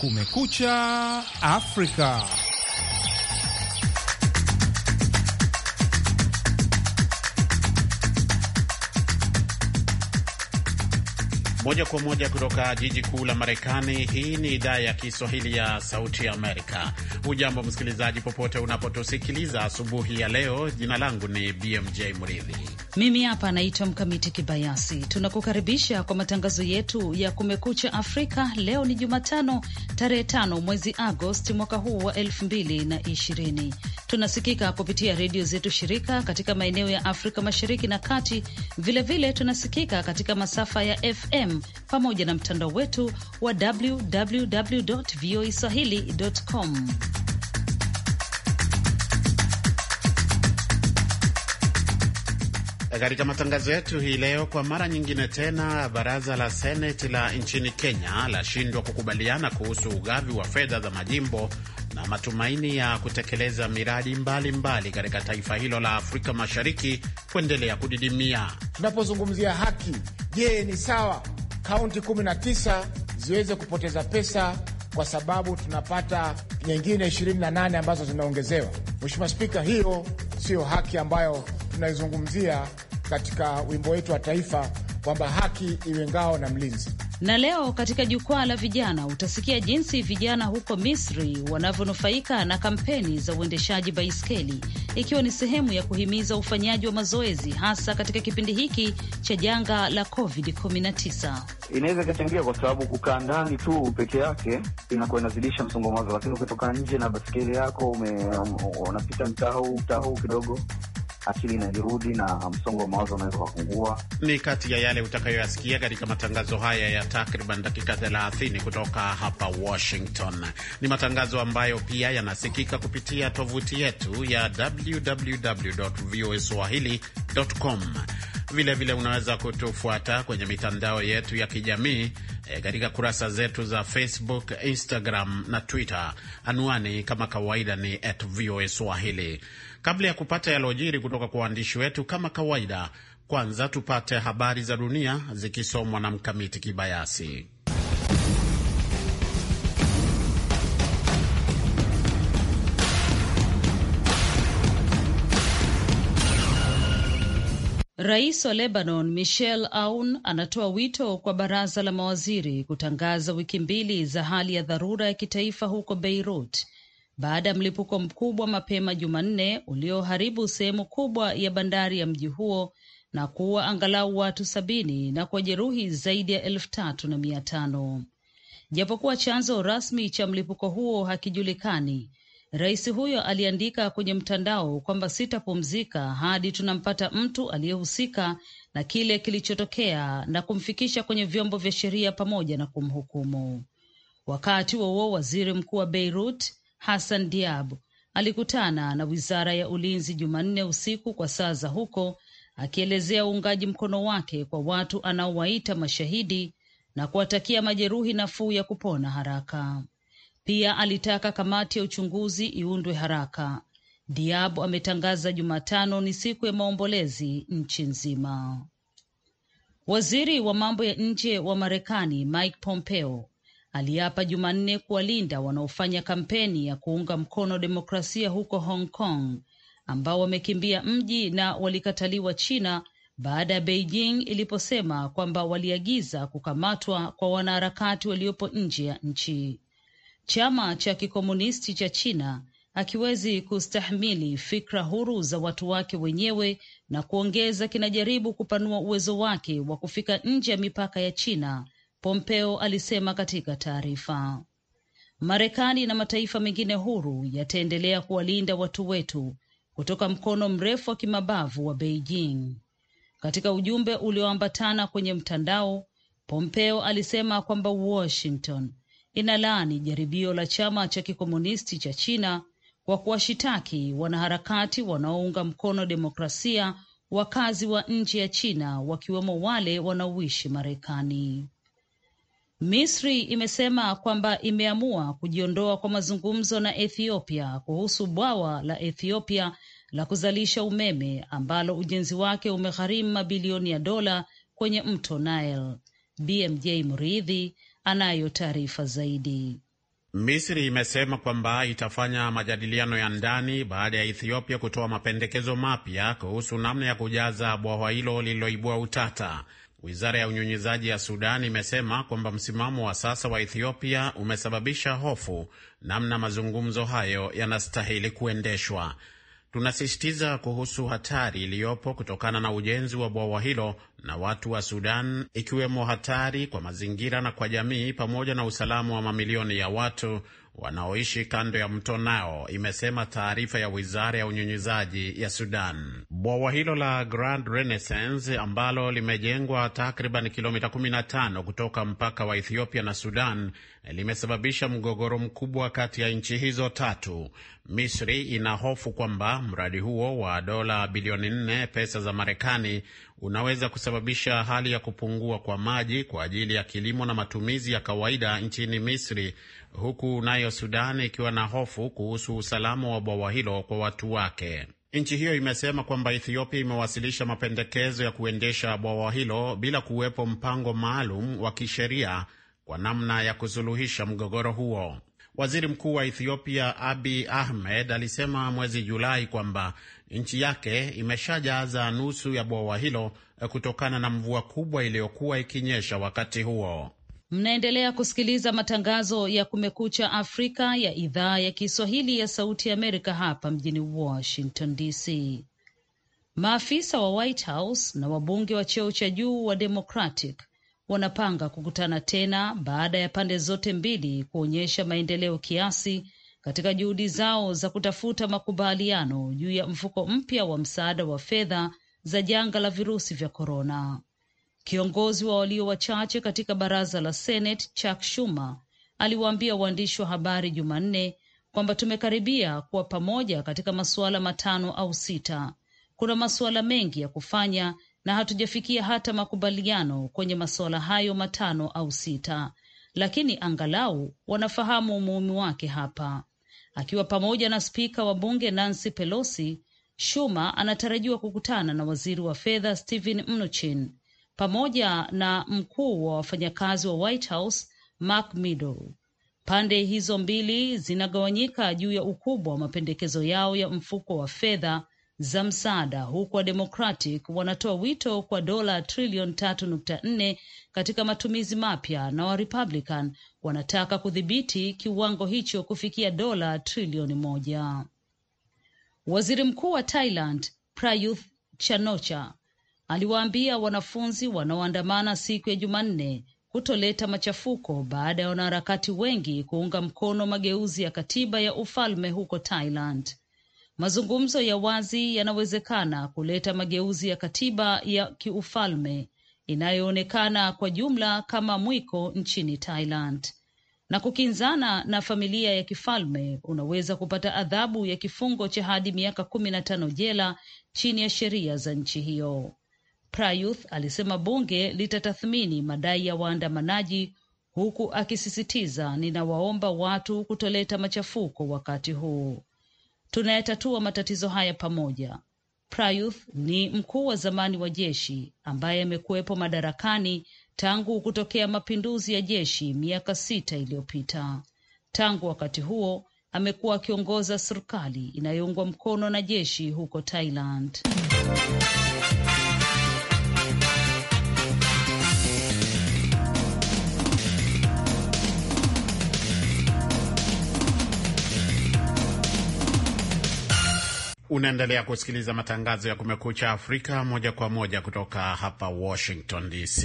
Kumekucha Afrika. Moja kwa moja kutoka jiji kuu la Marekani. Hii ni idhaa ya Kiswahili ya Sauti ya Amerika. Hujambo msikilizaji, popote unapotusikiliza asubuhi ya leo. Jina langu ni BMJ Mridhi mimi hapa naitwa Mkamiti Kibayasi. Tunakukaribisha kwa matangazo yetu ya Kumekucha Afrika. Leo ni Jumatano, tarehe tano mwezi Agosti mwaka huu wa elfu mbili na ishirini. Tunasikika kupitia redio zetu shirika katika maeneo ya Afrika Mashariki na Kati. Vilevile vile tunasikika katika masafa ya FM pamoja na mtandao wetu wa www voa swahili.com. Katika matangazo yetu hii leo, kwa mara nyingine tena, baraza la seneti la nchini Kenya lashindwa kukubaliana kuhusu ugavi wa fedha za majimbo na matumaini ya kutekeleza miradi mbalimbali katika taifa hilo la Afrika Mashariki kuendelea kudidimia. Tunapozungumzia haki, je, ni sawa kaunti 19 ziweze kupoteza pesa kwa sababu tunapata nyingine 28 ambazo zinaongezewa? Mheshimiwa Spika, hiyo siyo haki ambayo tunaizungumzia katika wimbo wetu wa taifa kwamba haki iwe ngao na mlinzi. Na leo katika jukwaa la vijana utasikia jinsi vijana huko Misri wanavyonufaika na kampeni za uendeshaji baiskeli, ikiwa ni sehemu ya kuhimiza ufanyaji wa mazoezi, hasa katika kipindi hiki cha janga la COVID-19. Inaweza ikachangia kwa sababu kukaa ndani tu peke yake inakuwa inazidisha msongo mawazo, lakini ukitoka nje na baskeli yako unapita mtaa huu mtaa huu kidogo akili inajirudi na msongo wa mawazo unaweza kupungua. Ni kati ya yale utakayoyasikia katika matangazo haya ya takriban dakika 30 kutoka hapa Washington. Ni matangazo ambayo pia yanasikika kupitia tovuti yetu ya www.voaswahili.com. Vilevile unaweza kutufuata kwenye mitandao yetu ya kijamii e, katika kurasa zetu za Facebook, Instagram na Twitter. Anwani kama kawaida ni at VOA Swahili. Kabla ya kupata yalojiri kutoka kwa waandishi wetu, kama kawaida, kwanza tupate habari za dunia zikisomwa na Mkamiti Kibayasi. Rais wa Lebanon Michel Aoun anatoa wito kwa baraza la mawaziri kutangaza wiki mbili za hali ya dharura ya kitaifa huko Beirut baada ya mlipuko mkubwa mapema Jumanne ulioharibu sehemu kubwa ya bandari ya mji huo na kuua angalau watu sabini na kujeruhi zaidi ya elfu tatu na mia tano. Japokuwa chanzo rasmi cha mlipuko huo hakijulikani, rais huyo aliandika kwenye mtandao kwamba sitapumzika hadi tunampata mtu aliyehusika na kile kilichotokea na kumfikisha kwenye vyombo vya sheria pamoja na kumhukumu. Wakati huo waziri mkuu wa Beirut Hassan Diab alikutana na wizara ya ulinzi Jumanne usiku kwa saa za huko, akielezea uungaji mkono wake kwa watu anaowaita mashahidi na kuwatakia majeruhi nafuu ya kupona haraka. Pia alitaka kamati ya uchunguzi iundwe haraka. Diab ametangaza Jumatano ni siku ya maombolezi nchi nzima. Waziri wa mambo ya nje wa Marekani Mike Pompeo aliapa Jumanne kuwalinda wanaofanya kampeni ya kuunga mkono demokrasia huko Hong Kong ambao wamekimbia mji na walikataliwa China baada ya Beijing iliposema kwamba waliagiza kukamatwa kwa wanaharakati waliopo nje ya nchi. Chama cha kikomunisti cha China akiwezi kustahimili fikra huru za watu wake wenyewe, na kuongeza, kinajaribu kupanua uwezo wake wa kufika nje ya mipaka ya China Pompeo alisema katika taarifa. Marekani na mataifa mengine huru yataendelea kuwalinda watu wetu kutoka mkono mrefu wa kimabavu wa Beijing. Katika ujumbe ulioambatana kwenye mtandao, Pompeo alisema kwamba Washington inalaani jaribio la chama cha kikomunisti cha China kwa kuwashitaki wanaharakati wanaounga mkono demokrasia wakazi wa nje ya China wakiwemo wale wanaoishi Marekani. Misri imesema kwamba imeamua kujiondoa kwa mazungumzo na Ethiopia kuhusu bwawa la Ethiopia la kuzalisha umeme ambalo ujenzi wake umegharimu mabilioni ya dola kwenye mto Nile. BMJ Mridhi anayo taarifa zaidi. Misri imesema kwamba itafanya majadiliano ya ndani baada ya Ethiopia kutoa mapendekezo mapya kuhusu namna ya kujaza bwawa hilo lililoibua utata. Wizara ya unyunyizaji ya Sudan imesema kwamba msimamo wa sasa wa Ethiopia umesababisha hofu namna mazungumzo hayo yanastahili kuendeshwa. Tunasisitiza kuhusu hatari iliyopo kutokana na ujenzi wa bwawa hilo na watu wa Sudan, ikiwemo hatari kwa mazingira na kwa jamii, pamoja na usalama wa mamilioni ya watu wanaoishi kando ya mto nao, imesema taarifa ya wizara ya unyunyizaji ya Sudan. Bwawa hilo la Grand Renaissance ambalo limejengwa takriban kilomita 15 kutoka mpaka wa Ethiopia na Sudan limesababisha mgogoro mkubwa kati ya nchi hizo tatu. Misri ina hofu kwamba mradi huo wa dola bilioni 4 pesa za Marekani unaweza kusababisha hali ya kupungua kwa maji kwa ajili ya kilimo na matumizi ya kawaida nchini Misri, huku nayo Sudan ikiwa na hofu kuhusu usalama wa bwawa hilo kwa watu wake. Nchi hiyo imesema kwamba Ethiopia imewasilisha mapendekezo ya kuendesha bwawa hilo bila kuwepo mpango maalum wa kisheria kwa namna ya kusuluhisha mgogoro huo. Waziri Mkuu wa Ethiopia Abi Ahmed alisema mwezi Julai kwamba nchi yake imeshajaza nusu ya bwawa hilo kutokana na mvua kubwa iliyokuwa ikinyesha wakati huo. Mnaendelea kusikiliza matangazo ya Kumekucha Afrika ya idhaa ya Kiswahili ya Sauti ya Amerika hapa mjini Washington DC. Maafisa wa White House na wabunge wa cheo cha juu wa Democratic wanapanga kukutana tena baada ya pande zote mbili kuonyesha maendeleo kiasi katika juhudi zao za kutafuta makubaliano juu ya mfuko mpya wa msaada wa fedha za janga la virusi vya korona. Kiongozi wa walio wachache katika baraza la Senate Chuck Schumer aliwaambia waandishi wa habari Jumanne kwamba tumekaribia kuwa pamoja katika masuala matano au sita. Kuna masuala mengi ya kufanya na hatujafikia hata makubaliano kwenye masuala hayo matano au sita, lakini angalau wanafahamu umuhimu wake hapa. Akiwa pamoja na spika wa bunge Nancy Pelosi, Schumer anatarajiwa kukutana na waziri wa fedha Steven Mnuchin pamoja na mkuu wa wafanyakazi wa White House Mark Meadow. Pande hizo mbili zinagawanyika juu ya ukubwa wa mapendekezo yao ya mfuko wa fedha za msaada, huku Democratic wanatoa wito kwa dola trilioni tatu nukta nne katika matumizi mapya na Warepublican wanataka kudhibiti kiwango hicho kufikia dola trilioni moja. Waziri mkuu wa Thailand Prayuth Chanocha aliwaambia wanafunzi wanaoandamana siku ya Jumanne kutoleta machafuko baada ya wanaharakati wengi kuunga mkono mageuzi ya katiba ya ufalme huko Thailand. Mazungumzo ya wazi yanawezekana kuleta mageuzi ya katiba ya kiufalme inayoonekana kwa jumla kama mwiko nchini Thailand. Na kukinzana na familia ya kifalme unaweza kupata adhabu ya kifungo cha hadi miaka kumi na tano jela chini ya sheria za nchi hiyo. Prayuth alisema bunge litatathmini madai ya waandamanaji, huku akisisitiza, ninawaomba watu kutoleta machafuko wakati huu. Tunayatatua matatizo haya pamoja. Prayuth ni mkuu wa zamani wa jeshi ambaye amekuwepo madarakani tangu kutokea mapinduzi ya jeshi miaka sita iliyopita. Tangu wakati huo amekuwa akiongoza serikali inayoungwa mkono na jeshi huko Thailand. Unaendelea kusikiliza matangazo ya Kumekucha Afrika moja kwa moja kutoka hapa Washington DC.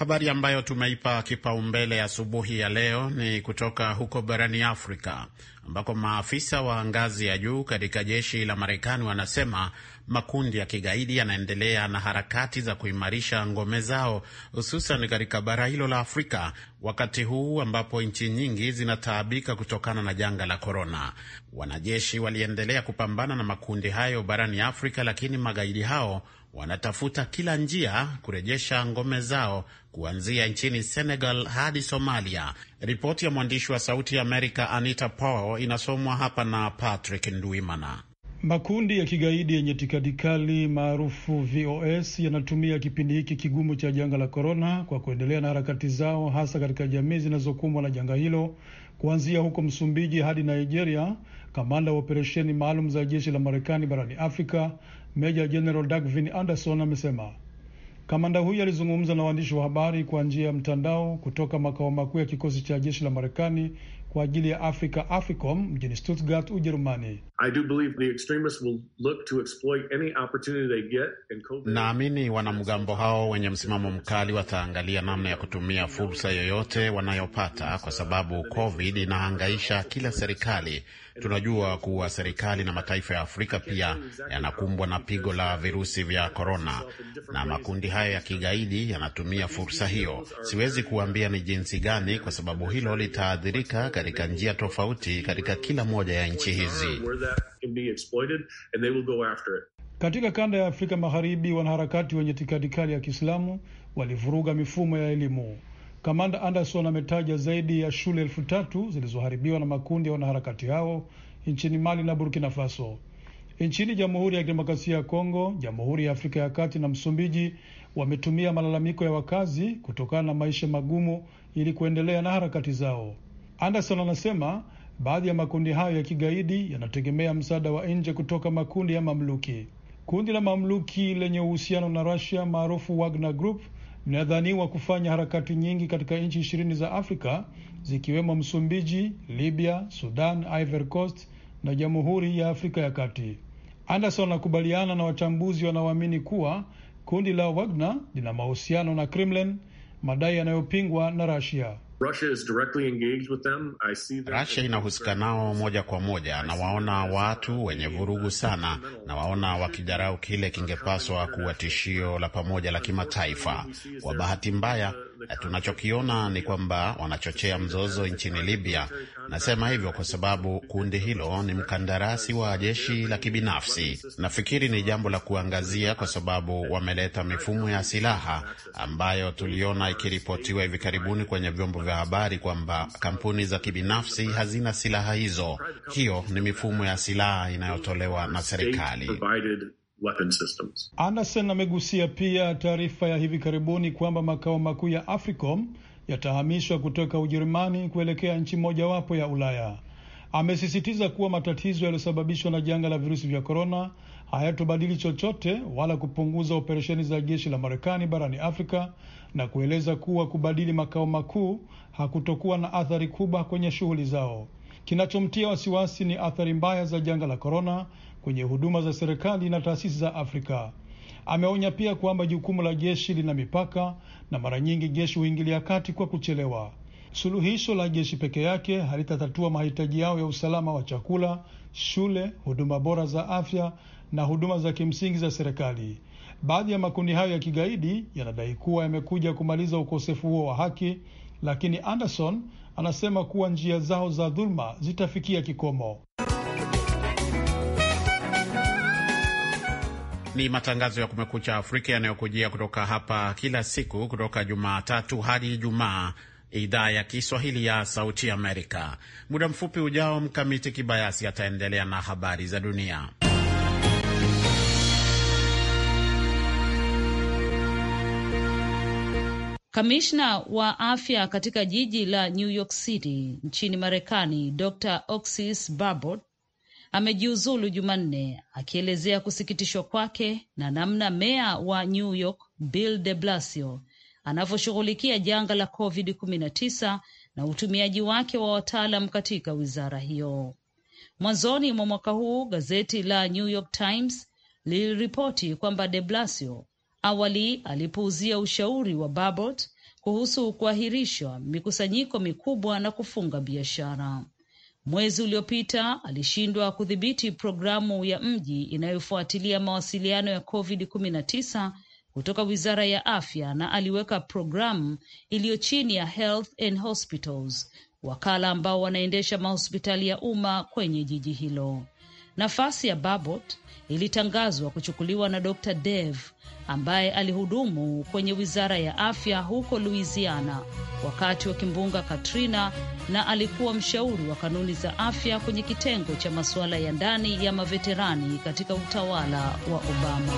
Habari ambayo tumeipa kipaumbele asubuhi ya, ya leo ni kutoka huko barani Afrika ambako maafisa wa ngazi ya juu katika jeshi la Marekani wanasema makundi ya kigaidi yanaendelea na harakati za kuimarisha ngome zao hususan katika bara hilo la Afrika wakati huu ambapo nchi nyingi zinataabika kutokana na janga la korona. Wanajeshi waliendelea kupambana na makundi hayo barani Afrika, lakini magaidi hao wanatafuta kila njia kurejesha ngome zao kuanzia nchini Senegal hadi Somalia. Ripoti ya mwandishi wa Sauti ya Amerika Anita Powell inasomwa hapa na Patrick Ndwimana. Makundi ya kigaidi yenye itikadi kali maarufu VOS yanatumia kipindi hiki kigumu cha janga la korona kwa kuendelea na harakati zao, hasa katika jamii zinazokumbwa na janga hilo, kuanzia huko Msumbiji hadi Nigeria. Kamanda wa operesheni maalum za jeshi la Marekani barani Afrika Meja general Dagvin Anderson amesema. Kamanda huyo alizungumza na waandishi wa habari kwa njia ya mtandao kutoka makao makuu ya kikosi cha jeshi la Marekani kwa ajili ya Afrika, AFRICOM, mjini Stuttgart, Ujerumani. Naamini wanamgambo hao wenye msimamo mkali wataangalia namna ya kutumia fursa yoyote wanayopata, kwa sababu COVID inahangaisha kila serikali. Tunajua kuwa serikali na mataifa ya Afrika pia yanakumbwa na pigo la virusi vya korona, na makundi haya ya kigaidi yanatumia fursa hiyo. Siwezi kuambia ni jinsi gani, kwa sababu hilo litaathirika katika njia tofauti katika kila moja ya nchi hizi. Katika kanda ya Afrika Magharibi, wanaharakati wenye itikadi kali ya Kiislamu walivuruga mifumo ya elimu. Kamanda Anderson ametaja zaidi ya shule elfu tatu zilizoharibiwa na makundi ya wanaharakati hao nchini Mali na Burkina Faso. Nchini Jamhuri ya Kidemokrasia ya Kongo, Jamhuri ya Afrika ya Kati na Msumbiji wametumia malalamiko ya wakazi kutokana na maisha magumu ili kuendelea na harakati zao. Anderson anasema baadhi ya makundi hayo ya kigaidi yanategemea msaada wa nje kutoka makundi ya mamluki. Kundi la mamluki lenye uhusiano na Russia maarufu Wagner Group linadhaniwa kufanya harakati nyingi katika nchi ishirini za Afrika zikiwemo Msumbiji, Libya, Sudan, Ivory Coast na Jamhuri ya Afrika ya Kati. Anderson anakubaliana na wachambuzi wanaoamini kuwa kundi la Wagner lina mahusiano na Kremlin, madai yanayopingwa na Russia. Russia inahusika nao moja kwa moja, na waona watu wenye vurugu sana, na waona wakijarau kile kingepaswa kuwa tishio la pamoja la kimataifa. Kwa bahati mbaya Eh, tunachokiona ni kwamba wanachochea mzozo nchini Libya. Nasema hivyo kwa sababu kundi hilo ni mkandarasi wa jeshi la kibinafsi. Nafikiri ni jambo la kuangazia kwa sababu wameleta mifumo ya silaha ambayo tuliona ikiripotiwa hivi karibuni kwenye vyombo vya habari kwamba kampuni za kibinafsi hazina silaha hizo. Hiyo ni mifumo ya silaha inayotolewa na serikali weapon systems. Anderson amegusia pia taarifa ya hivi karibuni kwamba makao makuu ya AFRICOM yatahamishwa kutoka Ujerumani kuelekea nchi mojawapo ya Ulaya. Amesisitiza kuwa matatizo yaliyosababishwa na janga la virusi vya korona hayatobadili chochote wala kupunguza operesheni za jeshi la Marekani barani Afrika na kueleza kuwa kubadili makao makuu hakutokuwa na athari kubwa kwenye shughuli zao. Kinachomtia wasiwasi ni athari mbaya za janga la korona kwenye huduma za serikali na taasisi za Afrika. Ameonya pia kwamba jukumu la jeshi lina mipaka na mara nyingi jeshi huingilia kati kwa kuchelewa. Suluhisho la jeshi peke yake halitatatua mahitaji yao ya usalama wa chakula, shule, huduma bora za afya na huduma za kimsingi za serikali. Baadhi ya makundi hayo ya kigaidi yanadai kuwa yamekuja kumaliza ukosefu huo wa haki, lakini Anderson anasema kuwa njia zao za dhuluma zitafikia kikomo. Ni matangazo ya Kumekucha Afrika yanayokujia kutoka hapa kila siku kutoka Jumatatu hadi Ijumaa, idhaa ya Kiswahili ya Sauti Amerika. Muda mfupi ujao, Mkamiti Kibayasi ataendelea na habari za dunia. Kamishna wa afya katika jiji la New York City nchini Marekani, Dr Oxis Babot amejiuzulu Jumanne akielezea kusikitishwa kwake na namna meya wa New York Bill de Blasio anavyoshughulikia janga la COVID-19 na utumiaji wake wa wataalam katika wizara hiyo. Mwanzoni mwa mwaka huu gazeti la New York Times liliripoti kwamba de Blasio awali alipuuzia ushauri wa Babot kuhusu kuahirishwa mikusanyiko mikubwa na kufunga biashara. Mwezi uliopita alishindwa kudhibiti programu ya mji inayofuatilia mawasiliano ya COVID-19 kutoka Wizara ya Afya na aliweka programu iliyo chini ya Health and Hospitals, wakala ambao wanaendesha mahospitali ya umma kwenye jiji hilo. Nafasi ya Babot ilitangazwa kuchukuliwa na Dr. Dev ambaye alihudumu kwenye wizara ya afya huko Louisiana wakati wa kimbunga Katrina na alikuwa mshauri wa kanuni za afya kwenye kitengo cha masuala ya ndani ya maveterani katika utawala wa Obama.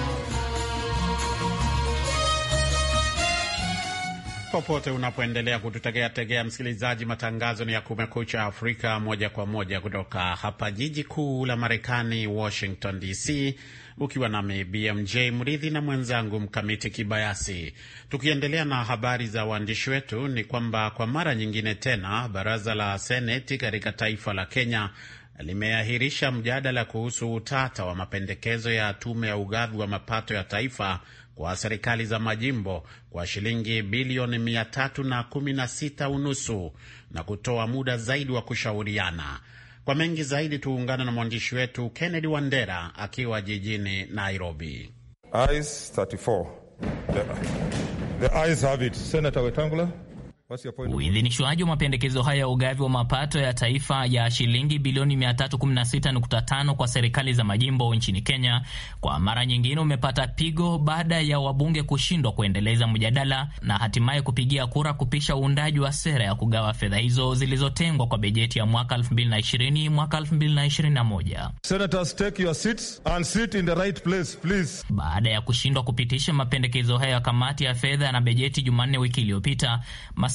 Popote unapoendelea kututegea tegea, msikilizaji, matangazo ni ya Kumekucha Afrika moja kwa moja kutoka hapa jiji kuu la Marekani, Washington DC, ukiwa nami BMJ Mridhi na mwenzangu Mkamiti Kibayasi. Tukiendelea na habari za waandishi wetu, ni kwamba kwa mara nyingine tena baraza la seneti katika taifa la Kenya limeahirisha mjadala kuhusu utata wa mapendekezo ya tume ya ugavi wa mapato ya taifa kwa serikali za majimbo kwa shilingi bilioni 316 unusu na kutoa muda zaidi wa kushauriana. Kwa mengi zaidi tuungana na mwandishi wetu Kennedy Wandera akiwa jijini Nairobi. Eyes 34. The, the have it. Senator Wetangula. Uidhinishwaji wa mapendekezo haya ya ugavi wa mapato ya taifa ya shilingi bilioni 316.5 kwa serikali za majimbo nchini Kenya kwa mara nyingine umepata pigo baada ya wabunge kushindwa kuendeleza mjadala na hatimaye kupigia kura kupisha uundaji wa sera ya kugawa fedha hizo zilizotengwa kwa bejeti ya mwaka 2020 mwaka 2021. Senators take your seats and sit in the right place please. Baada ya kushindwa kupitisha mapendekezo hayo ya kamati ya fedha na bejeti Jumanne wiki iliyopita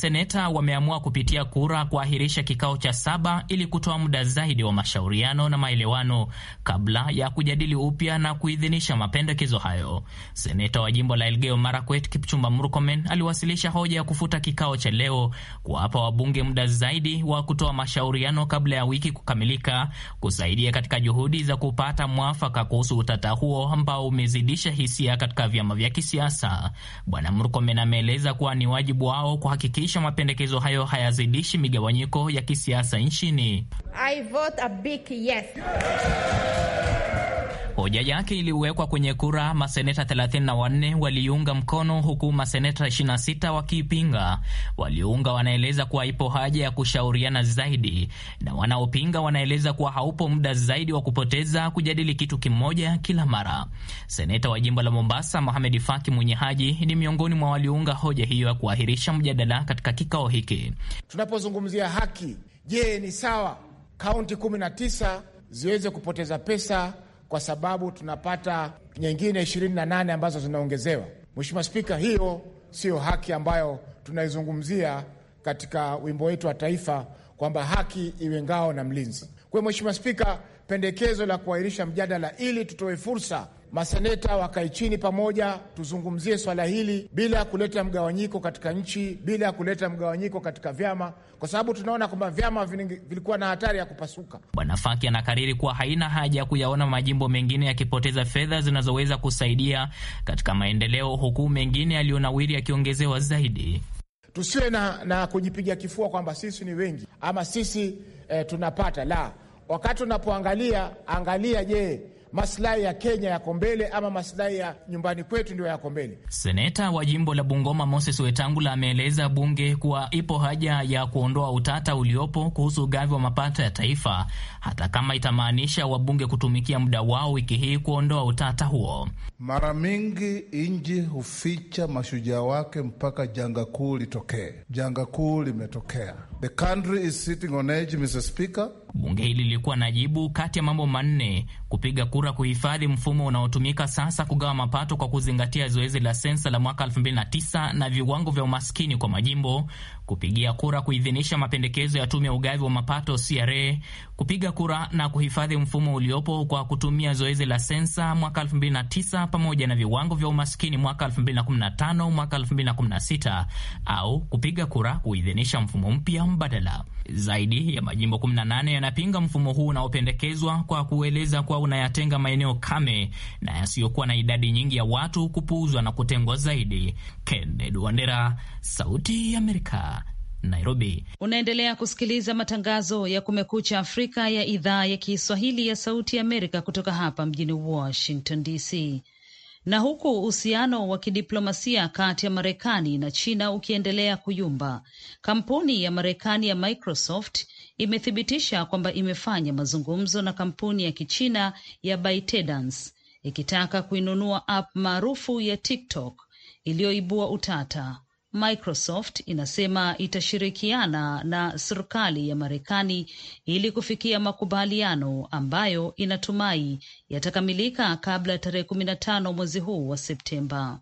Maseneta wameamua kupitia kura kuahirisha kikao cha saba ili kutoa muda zaidi wa mashauriano na maelewano kabla ya kujadili upya na kuidhinisha mapendekezo hayo. Seneta wa jimbo la Elgeyo Marakwet Kipchumba Murkomen aliwasilisha hoja ya kufuta kikao cha leo, kuwapa wabunge muda zaidi wa kutoa mashauriano kabla ya wiki kukamilika, kusaidia katika juhudi za kupata mwafaka kuhusu utata huo ambao umezidisha hisia katika vyama vya kisiasa. Bwana Murkomen ameeleza kuwa ni wajibu wao kuhakikisha kuhakikisha mapendekezo hayo hayazidishi migawanyiko ya kisiasa nchini. I vote a big yes. Hoja yake iliwekwa kwenye kura, maseneta 34 waliiunga mkono, huku maseneta 26 wakiipinga. waliunga wanaeleza kuwa ipo haja ya kushauriana zaidi, na wanaopinga wanaeleza kuwa haupo muda zaidi wa kupoteza kujadili kitu kimoja kila mara. Seneta wa jimbo la Mombasa Mohamed Faki Mwinyi Haji ni miongoni mwa waliunga hoja hiyo ya kuahirisha mjadala katika kikao hiki. Tunapozungumzia haki, je, ni sawa kaunti 19 ziweze kupoteza pesa kwa sababu tunapata nyingine 28 ambazo zinaongezewa. Mheshimiwa Spika, hiyo siyo haki ambayo tunaizungumzia katika wimbo wetu wa taifa kwamba haki iwe ngao na mlinzi. Kwa hiyo Mheshimiwa Spika, pendekezo la kuahirisha mjadala ili tutoe fursa maseneta wakae chini pamoja, tuzungumzie swala hili bila ya kuleta mgawanyiko katika nchi, bila ya kuleta mgawanyiko katika vyama, kwa sababu tunaona kwamba vyama vilikuwa na hatari ya kupasuka. Bwana Faki anakariri kuwa haina haja ya kuyaona majimbo mengine yakipoteza fedha zinazoweza kusaidia katika maendeleo, huku mengine yaliyonawiri yakiongezewa zaidi. Tusiwe na, na kujipiga kifua kwamba sisi ni wengi ama sisi eh, tunapata la. Wakati unapoangalia angalia, je maslahi ya Kenya yako mbele ama maslahi ya nyumbani kwetu ndio yako mbele. Seneta wa jimbo la Bungoma Moses Wetangula ameeleza bunge kuwa ipo haja ya kuondoa utata uliopo kuhusu ugavi wa mapato ya taifa, hata kama itamaanisha wabunge kutumikia muda wao wiki hii kuondoa utata huo. Mara mingi nji huficha mashujaa wake mpaka janga kuu litokee. Janga kuu limetokea. The country is sitting on edge, Mr. Speaker. Bunge hili lilikuwa na jibu kati ya mambo manne: kupiga kura kuhifadhi mfumo unaotumika sasa kugawa mapato kwa kuzingatia zoezi la sensa la mwaka 2009 na viwango vya umaskini kwa majimbo, kupigia kura kuidhinisha mapendekezo ya tume ya ugavi wa mapato CRA, kupiga kura na kuhifadhi mfumo uliopo kwa kutumia zoezi la sensa mwaka 2009 pamoja na viwango vya umaskini mwaka 2015, mwaka 2016 au kupiga kura kuidhinisha mfumo mpya mbadala. Zaidi ya majimbo 18 yanapinga mfumo huu unaopendekezwa kwa kueleza kuwa unayatenga maeneo kame na yasiyokuwa na idadi nyingi ya watu kupuuzwa na kutengwa zaidi. Kennedy Wandera, Sauti ya Amerika, Nairobi. Unaendelea kusikiliza matangazo ya Kumekucha Afrika ya idhaa ya Kiswahili ya Sauti ya Amerika kutoka hapa mjini Washington DC na huku uhusiano wa kidiplomasia kati ya Marekani na China ukiendelea kuyumba, kampuni ya Marekani ya Microsoft imethibitisha kwamba imefanya mazungumzo na kampuni ya Kichina ya ByteDance ikitaka kuinunua app maarufu ya TikTok iliyoibua utata Microsoft inasema itashirikiana na serikali ya Marekani ili kufikia makubaliano ambayo inatumai yatakamilika kabla ya tarehe kumi na tano mwezi huu wa Septemba.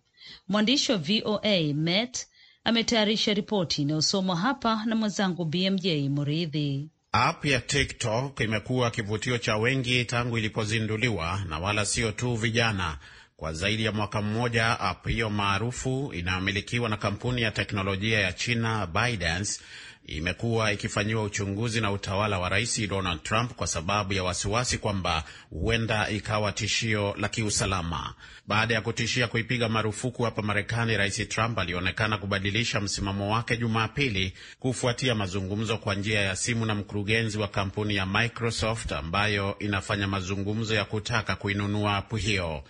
Mwandishi wa VOA Matt ametayarisha ripoti inayosomwa hapa na mwenzangu BMJ Muridhi. App ya TikTok imekuwa kivutio cha wengi tangu ilipozinduliwa na wala sio tu vijana kwa zaidi ya mwaka mmoja. App hiyo maarufu inayomilikiwa na kampuni ya teknolojia ya China ByteDance imekuwa ikifanyiwa uchunguzi na utawala wa Rais Donald Trump kwa sababu ya wasiwasi kwamba huenda ikawa tishio la kiusalama. Baada ya kutishia kuipiga marufuku hapa Marekani, Rais Trump alionekana kubadilisha msimamo wake Jumapili kufuatia mazungumzo kwa njia ya simu na mkurugenzi wa kampuni ya Microsoft ambayo inafanya mazungumzo ya kutaka kuinunua apu hiyo.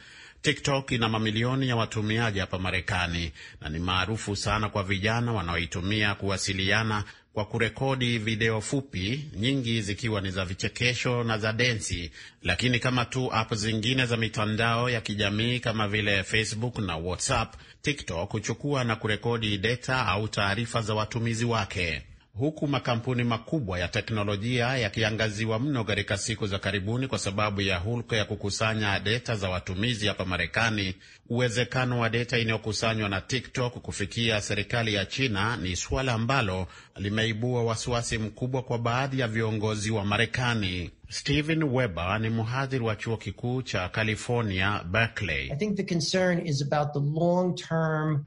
TikTok ina mamilioni ya watumiaji hapa Marekani na ni maarufu sana kwa vijana wanaoitumia kuwasiliana kwa kurekodi video fupi, nyingi zikiwa ni za vichekesho na za densi. Lakini kama tu app zingine za mitandao ya kijamii kama vile Facebook na WhatsApp, TikTok huchukua na kurekodi data au taarifa za watumizi wake huku makampuni makubwa ya teknolojia yakiangaziwa mno katika siku za karibuni kwa sababu ya hulka ya kukusanya deta za watumizi hapa Marekani. Uwezekano wa deta inayokusanywa na TikTok kufikia serikali ya China ni suala ambalo limeibua wasiwasi mkubwa kwa baadhi ya viongozi wa Marekani stephen Weber ni mhadhiri wa chuo kikuu cha California Berkeley.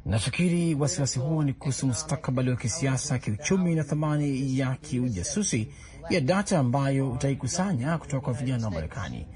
Nafikiri wasiwasi huo ni kuhusu mustakabali wa kisiasa, kiuchumi na thamani ya kiujasusi ya data ambayo utaikusanya kutoka kwa vijana wa Marekani.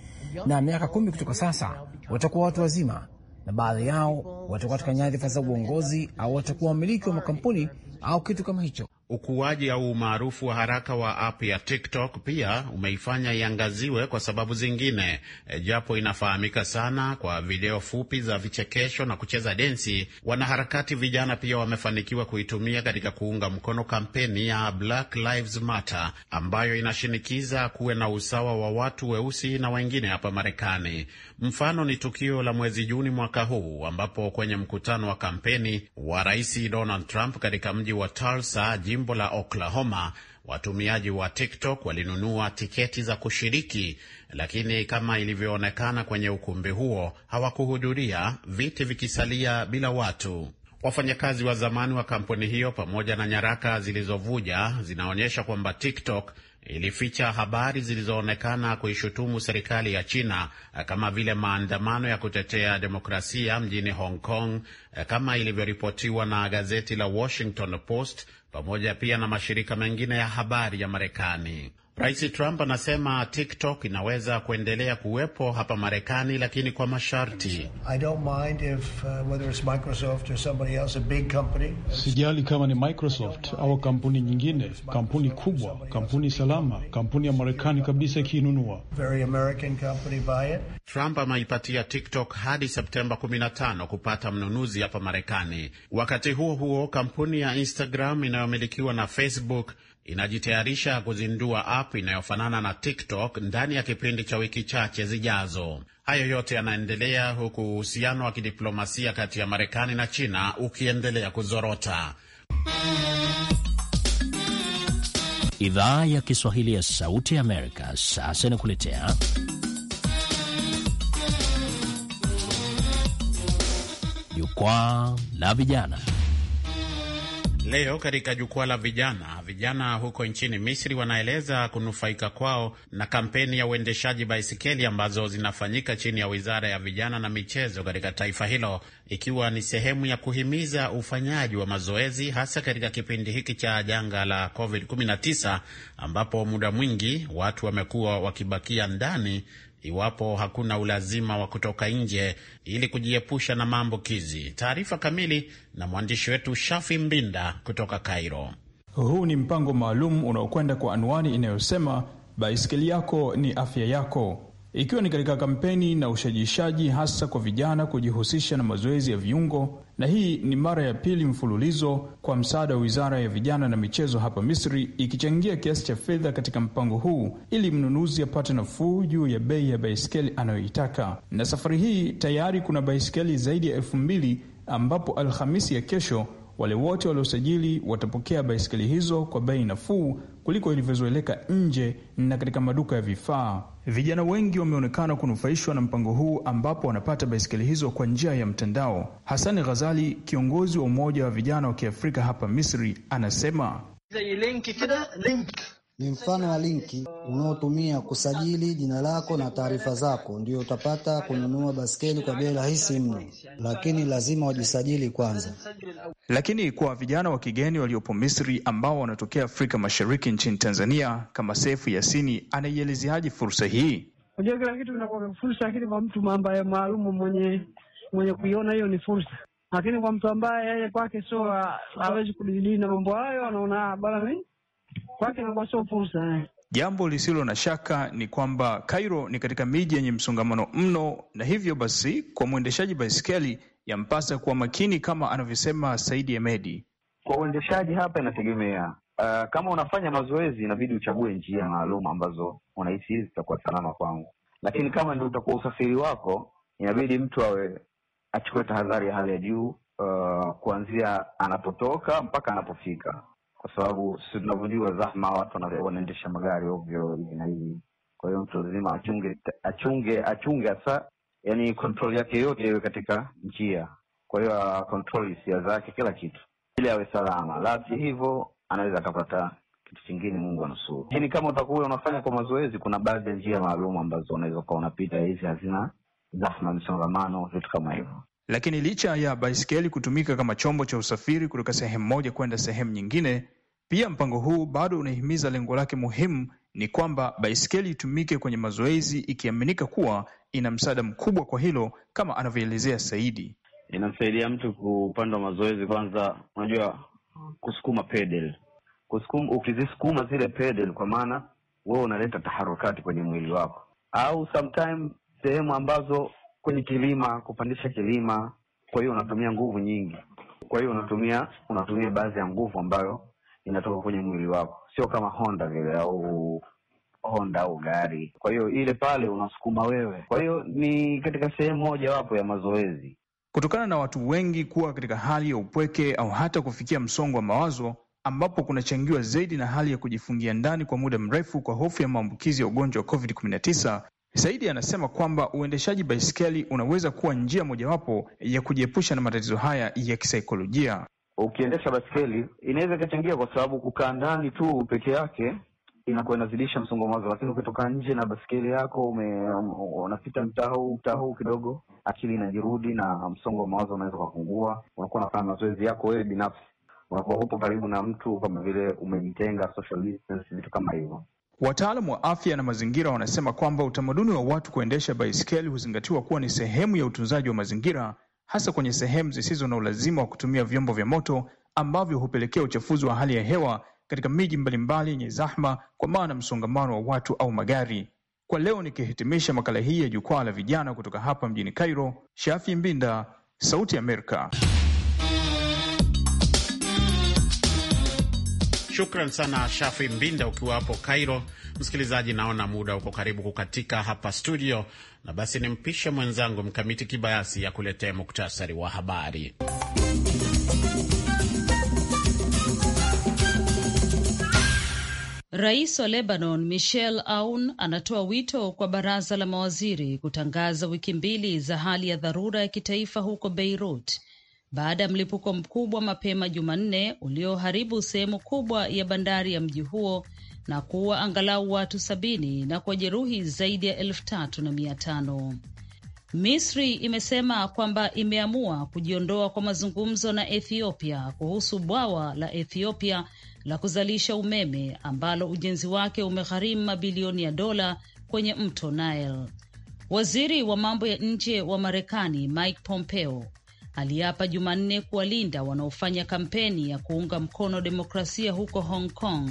Na miaka kumi kutoka sasa watakuwa watu wazima, na baadhi yao watakuwa katika nyadhifa za uongozi au watakuwa wamiliki wa makampuni au kitu kama hicho. Ukuaji au umaarufu wa haraka wa app ya TikTok pia umeifanya iangaziwe kwa sababu zingine, e, japo inafahamika sana kwa video fupi za vichekesho na kucheza densi. Wanaharakati vijana pia wamefanikiwa kuitumia katika kuunga mkono kampeni ya Black Lives Matter ambayo inashinikiza kuwe na usawa wa watu weusi na wengine hapa Marekani. Mfano ni tukio la mwezi Juni mwaka huu ambapo kwenye mkutano wa kampeni wa Rais Donald Trump katika mji wa Tulsa, jimbo la Oklahoma, watumiaji wa TikTok walinunua tiketi za kushiriki, lakini kama ilivyoonekana kwenye ukumbi huo, hawakuhudhuria, viti vikisalia bila watu. Wafanyakazi wa zamani wa kampuni hiyo pamoja na nyaraka zilizovuja zinaonyesha kwamba TikTok ilificha habari zilizoonekana kuishutumu serikali ya China kama vile maandamano ya kutetea demokrasia mjini Hong Kong kama ilivyoripotiwa na gazeti la Washington Post pamoja pia na mashirika mengine ya habari ya Marekani. Rais Trump anasema TikTok inaweza kuendelea kuwepo hapa Marekani, lakini kwa masharti. Uh, Sijali kama ni Microsoft au kampuni nyingine, kampuni kubwa, kampuni salama, kampuni ya Marekani kabisa ikiinunua. Trump ameipatia TikTok hadi Septemba 15 kupata mnunuzi hapa Marekani. Wakati huo huo, kampuni ya Instagram inayomilikiwa na Facebook inajitayarisha kuzindua app inayofanana na TikTok ndani ya kipindi cha wiki chache zijazo. Hayo yote yanaendelea huku uhusiano wa kidiplomasia kati ya Marekani na China ukiendelea kuzorota. Idhaa ya Kiswahili ya Sauti Amerika sasa inakuletea jukwaa la vijana. Leo katika jukwaa la vijana, vijana huko nchini Misri wanaeleza kunufaika kwao na kampeni ya uendeshaji baisikeli ambazo zinafanyika chini ya wizara ya vijana na michezo katika taifa hilo, ikiwa ni sehemu ya kuhimiza ufanyaji wa mazoezi, hasa katika kipindi hiki cha janga la COVID-19 ambapo muda mwingi watu wamekuwa wakibakia ndani iwapo hakuna ulazima wa kutoka nje ili kujiepusha na maambukizi. Taarifa kamili na mwandishi wetu Shafi Mbinda kutoka cairo Huu ni mpango maalum unaokwenda kwa anwani inayosema baiskeli yako ni afya yako ikiwa ni katika kampeni na ushajiishaji hasa kwa vijana kujihusisha na mazoezi ya viungo, na hii ni mara ya pili mfululizo kwa msaada wa wizara ya vijana na michezo hapa Misri, ikichangia kiasi cha fedha katika mpango huu ili mnunuzi apate nafuu juu ya bei ya baiskeli anayoitaka. Na safari hii tayari kuna baiskeli zaidi ya elfu mbili ambapo Alhamisi ya kesho wale wote waliosajili watapokea baiskeli hizo kwa bei nafuu kuliko ilivyozoeleka nje na katika maduka ya vifaa. Vijana wengi wameonekana kunufaishwa na mpango huu ambapo wanapata baisikeli hizo kwa njia ya mtandao. Hasani Ghazali, kiongozi wa umoja wa vijana wa Kiafrika hapa Misri, anasema kida, ni mfano wa linki unaotumia kusajili jina lako na taarifa zako, ndio utapata kununua baskeli kwa bei rahisi mno, lakini lazima wajisajili kwanza. Lakini kwa vijana wa kigeni waliopo Misri ambao wanatokea Afrika Mashariki nchini Tanzania, kama Sefu Yasini, anaielezeaje fursa hii? Unajua, kila kitu kinakuwa fursa, lakini kwa mtu ambaye maalumu mwenye mwenye kuiona hiyo ni fursa lakini kwa mtu ambaye yeye kwake sio, hawezi kudili na mambo hayo, anaona ah, bwana, mimi kwake sio fursa. Eh. Jambo lisilo na shaka ni kwamba Cairo ni katika miji yenye msongamano mno, na hivyo basi kwa mwendeshaji baiskeli yampasa kuwa makini kama anavyosema Saidi Emedi. Kwa uendeshaji hapa inategemea Uh, kama unafanya mazoezi inabidi uchague njia maalum ambazo unahisi hizi zitakuwa salama kwangu, lakini kama ndio utakuwa usafiri wako, inabidi mtu awe achukue tahadhari ya hali ya juu uh, kuanzia anapotoka mpaka anapofika kwa sababu si tunavyojua zahma, watu wanaendesha magari ovyo hivi na hivi. Kwa hiyo mtu lazima achunge achunge achunge hasa, yani control yake yote iwe katika njia, kwa hiyo ah, control hisia zake, kila kitu, ili awe salama, la hivyo anaweza akapata kitu kingine, Mungu anusuru. Lakini kama utakuwa unafanya kwa mazoezi, kuna baadhi ya njia maalum ambazo unaweza ukawa unapita, hizi hazina zahma, msongamano, vitu kama hivyo. Lakini licha ya baiskeli kutumika kama chombo cha usafiri kutoka sehemu moja kwenda sehemu nyingine, pia mpango huu bado unahimiza lengo lake muhimu ni kwamba baiskeli itumike kwenye mazoezi, ikiaminika kuwa ina msaada mkubwa kwa hilo, kama anavyoelezea Saidi. Inamsaidia mtu kupanda mazoezi kwanza, unajua kusukuma pedel. Kusukuma, ukizisukuma zile pedel, kwa maana wewe unaleta taharukati kwenye mwili wako, au sometime sehemu ambazo kwenye kilima, kupandisha kilima. Kwa hiyo unatumia nguvu nyingi, kwa hiyo unatumia unatumia baadhi ya nguvu ambayo inatoka kwenye mwili wako, sio kama Honda vile au Honda au gari. Kwa hiyo ile pale unasukuma wewe, kwa hiyo ni katika sehemu moja wapo ya mazoezi. Kutokana na watu wengi kuwa katika hali ya upweke au hata kufikia msongo wa mawazo, ambapo kunachangiwa zaidi na hali ya kujifungia ndani kwa muda mrefu kwa hofu ya maambukizi ya ugonjwa wa COVID-19, Saidi anasema kwamba uendeshaji baiskeli unaweza kuwa njia mojawapo ya kujiepusha na matatizo haya ya kisaikolojia. Ukiendesha baiskeli inaweza ikachangia, kwa sababu kukaa ndani tu peke yake inakuwa inazidisha msongo mawazo, lakini ukitoka nje na baskeli yako ume, um, unapita mtaa huu mtaa huu kidogo, akili inajirudi na msongo wa mawazo unaweza ukapungua. Unakuwa unafanya mazoezi yako wewe binafsi, unakuwa upo karibu na mtu, kama vile umejitenga, social distance, vitu kama hivyo. Wataalamu wa afya na mazingira wanasema kwamba utamaduni wa watu kuendesha baiskeli huzingatiwa kuwa ni sehemu ya utunzaji wa mazingira, hasa kwenye sehemu zisizo na ulazima wa kutumia vyombo vya moto ambavyo hupelekea uchafuzi wa hali ya hewa katika miji mbalimbali yenye zahma, kwa maana msongamano wa watu au magari. Kwa leo nikihitimisha makala hii ya jukwaa la vijana kutoka hapa mjini Cairo, Shafi Mbinda, Sauti ya Amerika. Shukran sana Shafi Mbinda ukiwa hapo Cairo. Msikilizaji, naona muda uko karibu kukatika hapa studio, na basi nimpishe mwenzangu Mkamiti Kibayasi ya kuletea muktasari wa habari. Rais wa Lebanon Michel Aoun anatoa wito kwa baraza la mawaziri kutangaza wiki mbili za hali ya dharura ya kitaifa huko Beirut baada ya mlipuko mkubwa mapema Jumanne ulioharibu sehemu kubwa ya bandari ya mji huo na kuua angalau watu sabini na kujeruhi zaidi ya elfu tatu na mia tano. Misri imesema kwamba imeamua kujiondoa kwa mazungumzo na Ethiopia kuhusu bwawa la Ethiopia la kuzalisha umeme ambalo ujenzi wake umegharimu mabilioni ya dola kwenye mto Nile. Waziri wa mambo ya nje wa Marekani Mike Pompeo aliapa Jumanne kuwalinda wanaofanya kampeni ya kuunga mkono demokrasia huko Hong Kong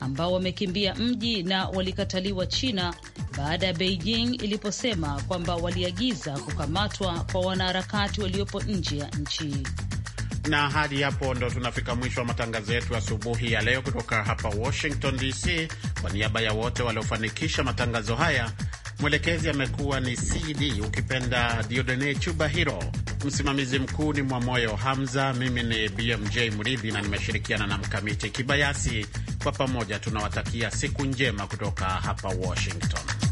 ambao wamekimbia mji na walikataliwa China baada ya Beijing iliposema kwamba waliagiza kukamatwa kwa wanaharakati waliopo nje ya nchi. Na hadi hapo ndo tunafika mwisho wa matangazo yetu asubuhi ya leo kutoka hapa Washington DC. Kwa niaba ya wote waliofanikisha matangazo haya Mwelekezi amekuwa ni CD ukipenda Diodene Chuba Hiro, msimamizi mkuu ni Mwamoyo Hamza. Mimi ni BMJ Mridhi na nimeshirikiana na Mkamiti Kibayasi. Kwa pamoja tunawatakia siku njema kutoka hapa Washington.